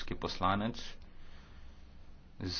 evropski poslanec z